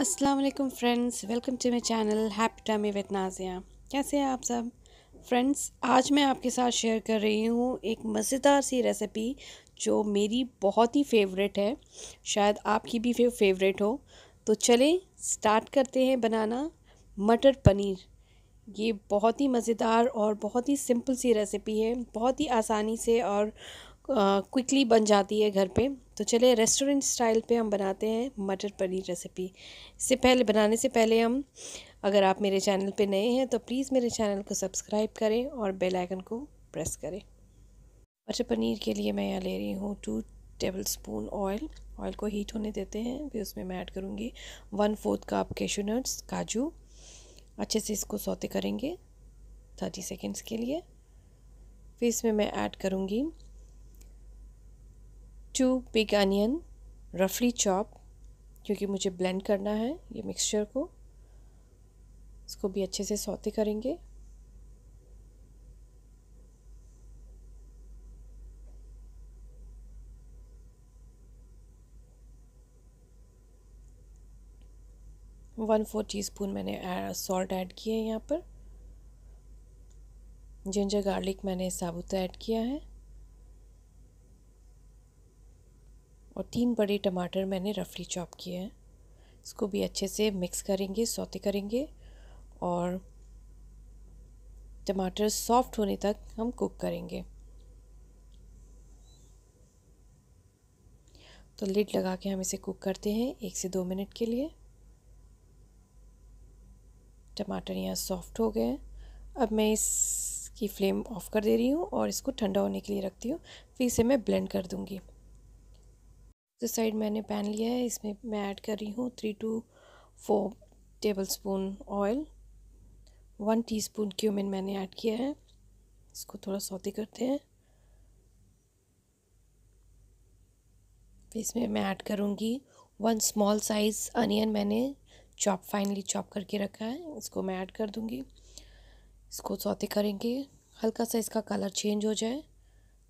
अस्सलाम वालेकुम friends welcome to my channel happy tummy with Nazia कैसे हैं आप सब फ्रेंड्स आज मैं आपके साथ शेयर कर रही हूँ एक मज़ेदार सी रेसिपी जो मेरी बहुत ही फेवरेट है शायद आपकी भी फेवरेट हो तो चलें स्टार्ट करते हैं बनाना मटर पनीर ये बहुत ही मज़ेदार और बहुत ही सिंपल सी रेसिपी है बहुत ही आसानी से और क्विकली बन जाती है घर पे तो चलिए रेस्टोरेंट स्टाइल पे हम बनाते हैं मटर पनीर रेसिपी इससे पहले बनाने से पहले हम अगर आप मेरे चैनल पे नए हैं तो प्लीज़ मेरे चैनल को सब्सक्राइब करें और बेल आइकन को प्रेस करें मटर पनीर के लिए मैं यहाँ ले रही हूँ two tablespoon oil oil को हीट होने देते हैं फिर उसमें मैं ऐड करूँगी one fourth cup cashew nuts काजू अच्छे से इसको सौते करेंगे थर्टी सेकेंड्स के लिए फिर इसमें मैं ऐड करूँगी टू बिग अनियन रफली चॉप क्योंकि मुझे ब्लेंड करना है ये मिक्सचर को इसको भी अच्छे से सौते करेंगे वन फोर टीस्पून मैंने सॉल्ट ऐड किया है यहाँ पर जिंजर गार्लिक मैंने साबुत ऐड किया है और तीन बड़े टमाटर मैंने रफली चॉप किए हैं इसको भी अच्छे से मिक्स करेंगे सौते करेंगे और टमाटर सॉफ्ट होने तक हम कुक करेंगे तो लिड लगा के हम इसे कुक करते हैं एक से दो मिनट के लिए टमाटर यहाँ सॉफ्ट हो गए हैं अब मैं इसकी फ्लेम ऑफ़ कर दे रही हूँ और इसको ठंडा होने के लिए रखती हूँ फिर इसे मैं ब्लेंड कर दूँगी तो साइड मैंने पैन लिया है इसमें मैं ऐड कर रही हूँ three two four tablespoon oil one teaspoon cumin मैंने ऐड किया है इसको थोड़ा सौते करते हैं इसमें मैं ऐड करूँगी वन स्मॉल साइज़ अनियन मैंने चॉप फाइनली चॉप करके रखा है इसको मैं ऐड कर दूँगी इसको सौते करेंगे हल्का सा इसका कलर चेंज हो जाए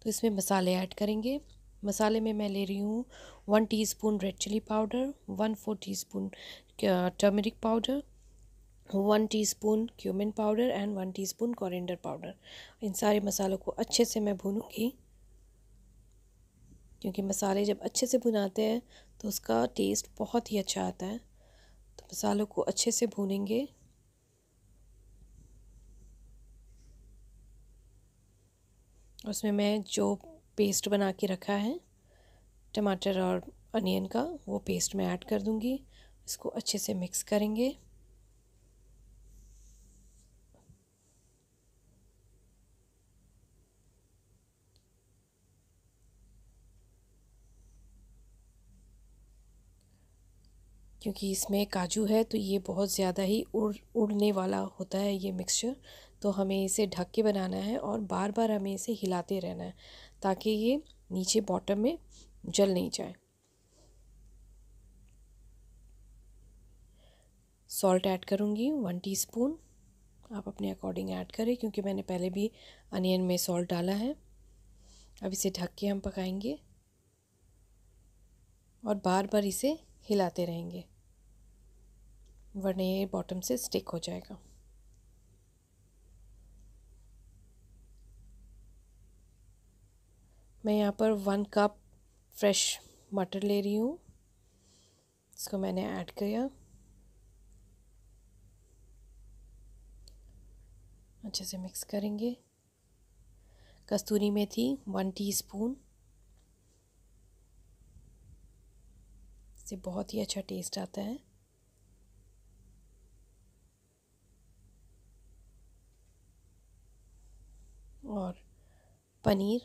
तो इसमें मसाले ऐड करेंगे मसाले में मैं ले रही हूँ one teaspoon red chilli powder one four teaspoon turmeric powder one teaspoon cumin powder and one teaspoon spoon powder इन सारे मसालों को अच्छे से मैं भूनूंगी क्योंकि मसाले जब अच्छे से भुनाते हैं तो उसका टेस्ट बहुत ही अच्छा आता है तो मसालों को अच्छे से भूनेंगे उसमें मैं जो पेस्ट बना के रखा है टमाटर और अनियन का वो पेस्ट मैं ऐड कर दूँगी इसको अच्छे से मिक्स करेंगे क्योंकि इसमें काजू है तो ये बहुत ज़्यादा ही उड़ उड़ने वाला होता है ये मिक्सचर तो हमें इसे ढक के बनाना है और बार बार हमें इसे हिलाते रहना है ताकि ये नीचे बॉटम में जल नहीं जाए सॉल्ट ऐड करूँगी वन टीस्पून आप अपने अकॉर्डिंग ऐड करें क्योंकि मैंने पहले भी अनियन में सॉल्ट डाला है अब इसे ढक के हम पकाएंगे और बार बार इसे हिलाते रहेंगे वरना ये बॉटम से स्टिक हो जाएगा मैं यहाँ पर वन कप फ्रेश मटर ले रही हूँ इसको मैंने ऐड किया अच्छे से मिक्स करेंगे कस्तूरी मेथी वन टीस्पून इससे बहुत ही अच्छा टेस्ट आता है पनीर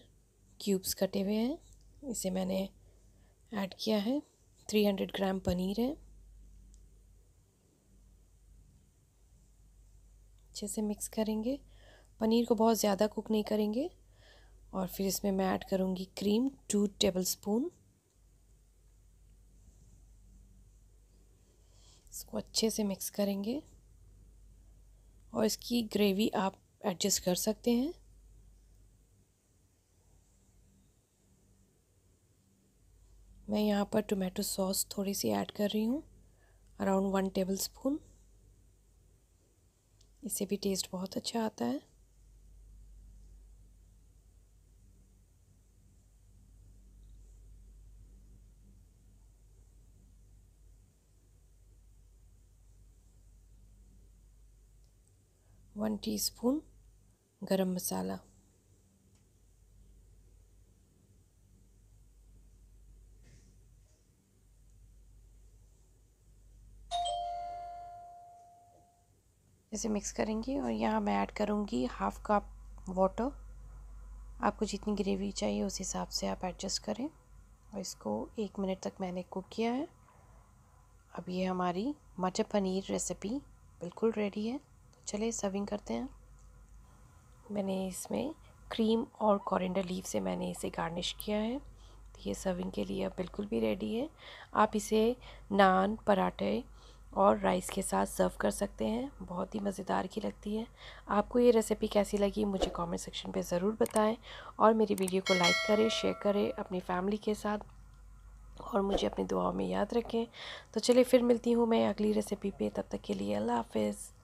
क्यूब्स कटे हुए हैं इसे मैंने ऐड किया है थ्री हंड्रेड ग्राम पनीर है अच्छे से मिक्स करेंगे पनीर को बहुत ज़्यादा कुक नहीं करेंगे और फिर इसमें मैं ऐड करूँगी क्रीम टू टेबल स्पून इसको अच्छे से मिक्स करेंगे और इसकी ग्रेवी आप एडजस्ट कर सकते हैं मैं यहाँ पर टोमेटो सॉस थोड़ी सी ऐड कर रही हूँ अराउंड वन टेबल स्पून इससे भी टेस्ट बहुत अच्छा आता है वन टीस्पून गरम मसाला इसे मिक्स करेंगे और यहाँ मैं ऐड करूँगी हाफ़ कप वाटर आपको जितनी ग्रेवी चाहिए उस हिसाब से आप एडजस्ट करें और इसको एक मिनट तक मैंने कुक किया है अब ये हमारी मटर पनीर रेसिपी बिल्कुल रेडी है तो चले सर्विंग करते हैं मैंने इसमें क्रीम और कॉरेंडर लीव से मैंने इसे गार्निश किया है तो ये सर्विंग के लिए अब बिल्कुल भी रेडी है आप इसे नान पराठे और राइस के साथ सर्व कर सकते हैं बहुत ही मज़ेदार की लगती है आपको ये रेसिपी कैसी लगी मुझे कमेंट सेक्शन पे ज़रूर बताएं और मेरी वीडियो को लाइक करें शेयर करें अपनी फैमिली के साथ और मुझे अपनी दुआओं में याद रखें तो चलिए फिर मिलती हूँ मैं अगली रेसिपी पे तब तक के लिए अल्लाह हाफिज़